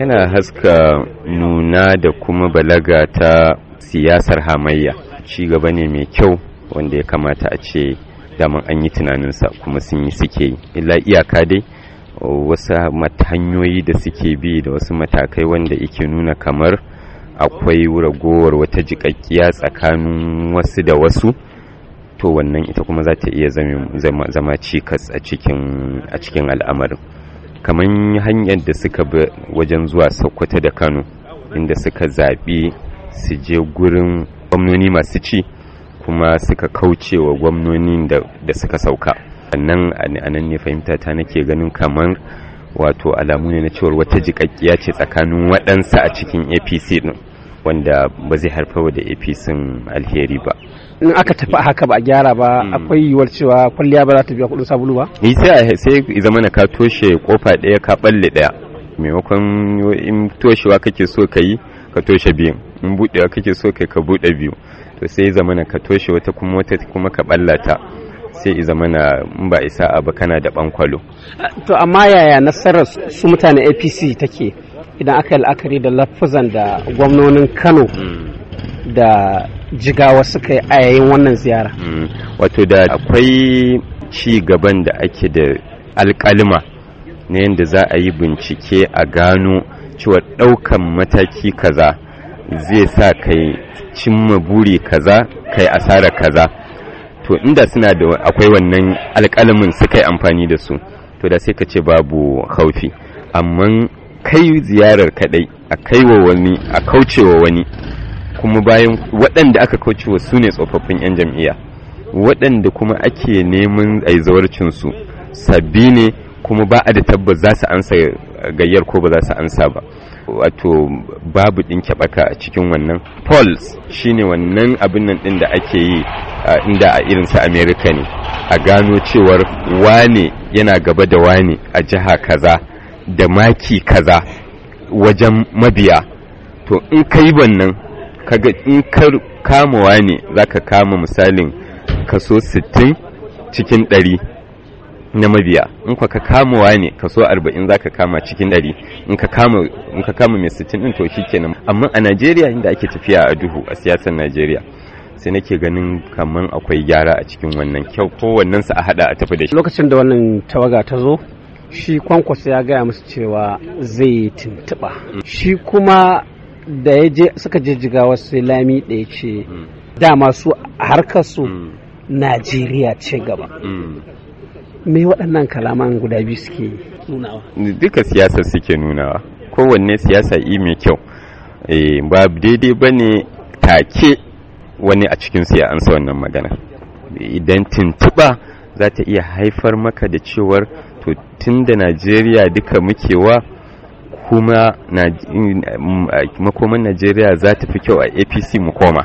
yana haska nuna da kuma balaga ta siyasar hamayya ci gaba ne mai kyau wanda ya kamata a ce daman an yi tunaninsa kuma sun yi suke illa iyaka dai wasu hanyoyi da suke bi da wasu matakai wanda yake nuna kamar akwai ragowar wata jikakkiya tsakanin wasu da wasu to wannan ita kuma za ta iya zama cikas a cikin al'amarin kamar hanyar da suka bi wajen zuwa sokoto da kano inda suka zaɓi su je gurin gwamnoni masu ci kuma suka kauce wa gwamnonin da suka sauka sannan a nan ne fahimta ta nake ganin kamar wato alamu ne na cewar wata jikakkiya ce tsakanin waɗansa a cikin apc din wanda ba zai haifar da apc alheri ba in aka tafi haka ba a gyara ba hmm. akwai yiwuwar cewa kwalliya ba za ta biya kudin sabulu ba sai sai zama na ka toshe kofa daya ka balle daya maimakon in toshewa kake so ka yi ka toshe biyu. in budewa kake so kai ka bude biyu to sai zama na ka toshe wata kuma wata kuma ka ballata sai i zama na in ba isa abu kana da bankwalo to amma yaya nasarar su mutane apc take idan aka yi la'akari da lafuzan da gwamnonin kano da jigawa suka yi a wannan ziyara mm. wato da akwai ci gaban da ake da alkalima na yadda za a yi bincike a gano cewa ɗaukan mataki kaza zai sa kai cimma buri kaza kai asara kaza to inda suna da akwai wannan alkalimin suka yi amfani da su to da sai ka ce babu haufi amma kai ziyarar kadai a kai wa wani a kaucewa wani kuma bayan waɗanda aka kaucewa su ne tsofaffin 'yan jam'iyya waɗanda kuma ake neman a yi su sabbi ne kuma ba a da tabbas za su ansa gayyar ko ba za su ansa ba wato babu ɗin kyaɓaka a cikin wannan polls shine wannan abin nan ɗin da ake yi inda a irin su america ne a gano cewar wane yana gaba da wane a jiha kaza da maki kaza wajen mabiya to in ka yi wannan kaga in ka kamawa ne za ka kama misalin kaso 60 cikin 100 na mabiya in ka ka kamawa ne kaso 40 za ka kama cikin 100 in ka kama in ka kama mai 60 din to shikenan amma a Najeriya inda ake tafiya a duhu a siyasar Najeriya sai nake ganin kamar akwai gyara a cikin wannan kyau ko wannan sa a hada a tafi da shi lokacin da wannan tawaga ta zo shi kwankwasa ya gaya musu cewa zai tuntuɓa shi kuma da ya je suka jijjiga wasu lami da ya ce dama su harkar su najeriya ce gaba me waɗannan kalaman guda biyu suke nunawa duka siyasar suke nunawa kowanne siyasa yi mai kyau eh, ba daidai ba ne take wani a cikin ya ansa wannan magana idan tuntuɓa za ta iya haifar maka da cewar to tunda najeriya duka muke wa kuma mm, makoman najeriya za ta fi kyau a apc mu koma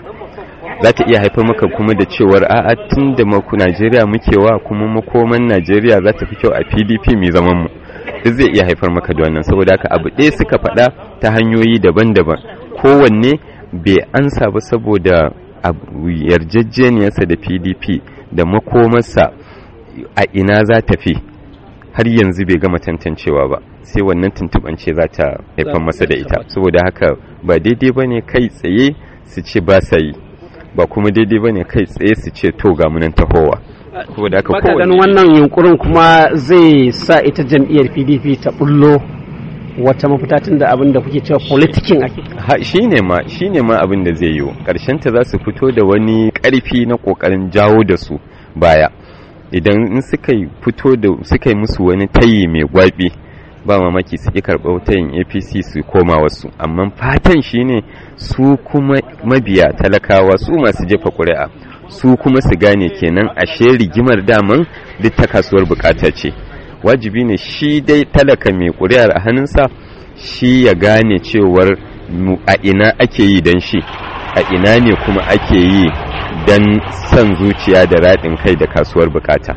za ta iya haifar maka kuma da cewar a tun da maku najeriya muke wa kuma makoman najeriya za ta fi kyau a pdp mai zaman mu duk zai iya haifar maka da wannan saboda haka abu ɗaya suka faɗa ta hanyoyi daban-daban kowanne bai ansa ba saboda yarjejeniyarsa da pdp da makomarsa a ina za ta fi har yanzu bai gama tantancewa ba sai wannan tuntuɓance za ta haifar masa da ita saboda haka ba daidai ba ne kai tsaye su ce ba sa yi ba kuma daidai ba ne kai tsaye su ce to ga munan tahowa saboda haka kowane wannan yunkurin kuma zai sa ita jam'iyyar pdp ta bullo wata mafita tun da abin da kuke cewa politikin ake ha shine ma shine ma abin da zai yi karshen ta za su fito da wani karfi na kokarin jawo da su baya idan in suka fito da suka yi musu wani tayi mai gwabi ba mamaki suke karɓa karɓar tayin apc su koma wasu amma fatan shine su kuma mabiya talakawa su masu jefa ƙuri'a su kuma su gane kenan ashe rigimar daman duk ta kasuwar bukata ce wajibi ne shi dai talaka mai ƙuri'ar a hannunsa shi ya gane cewar a ina ake yi don shi a ina ne kuma ake yi don son zuciya da raɗin kai da kasuwar bukata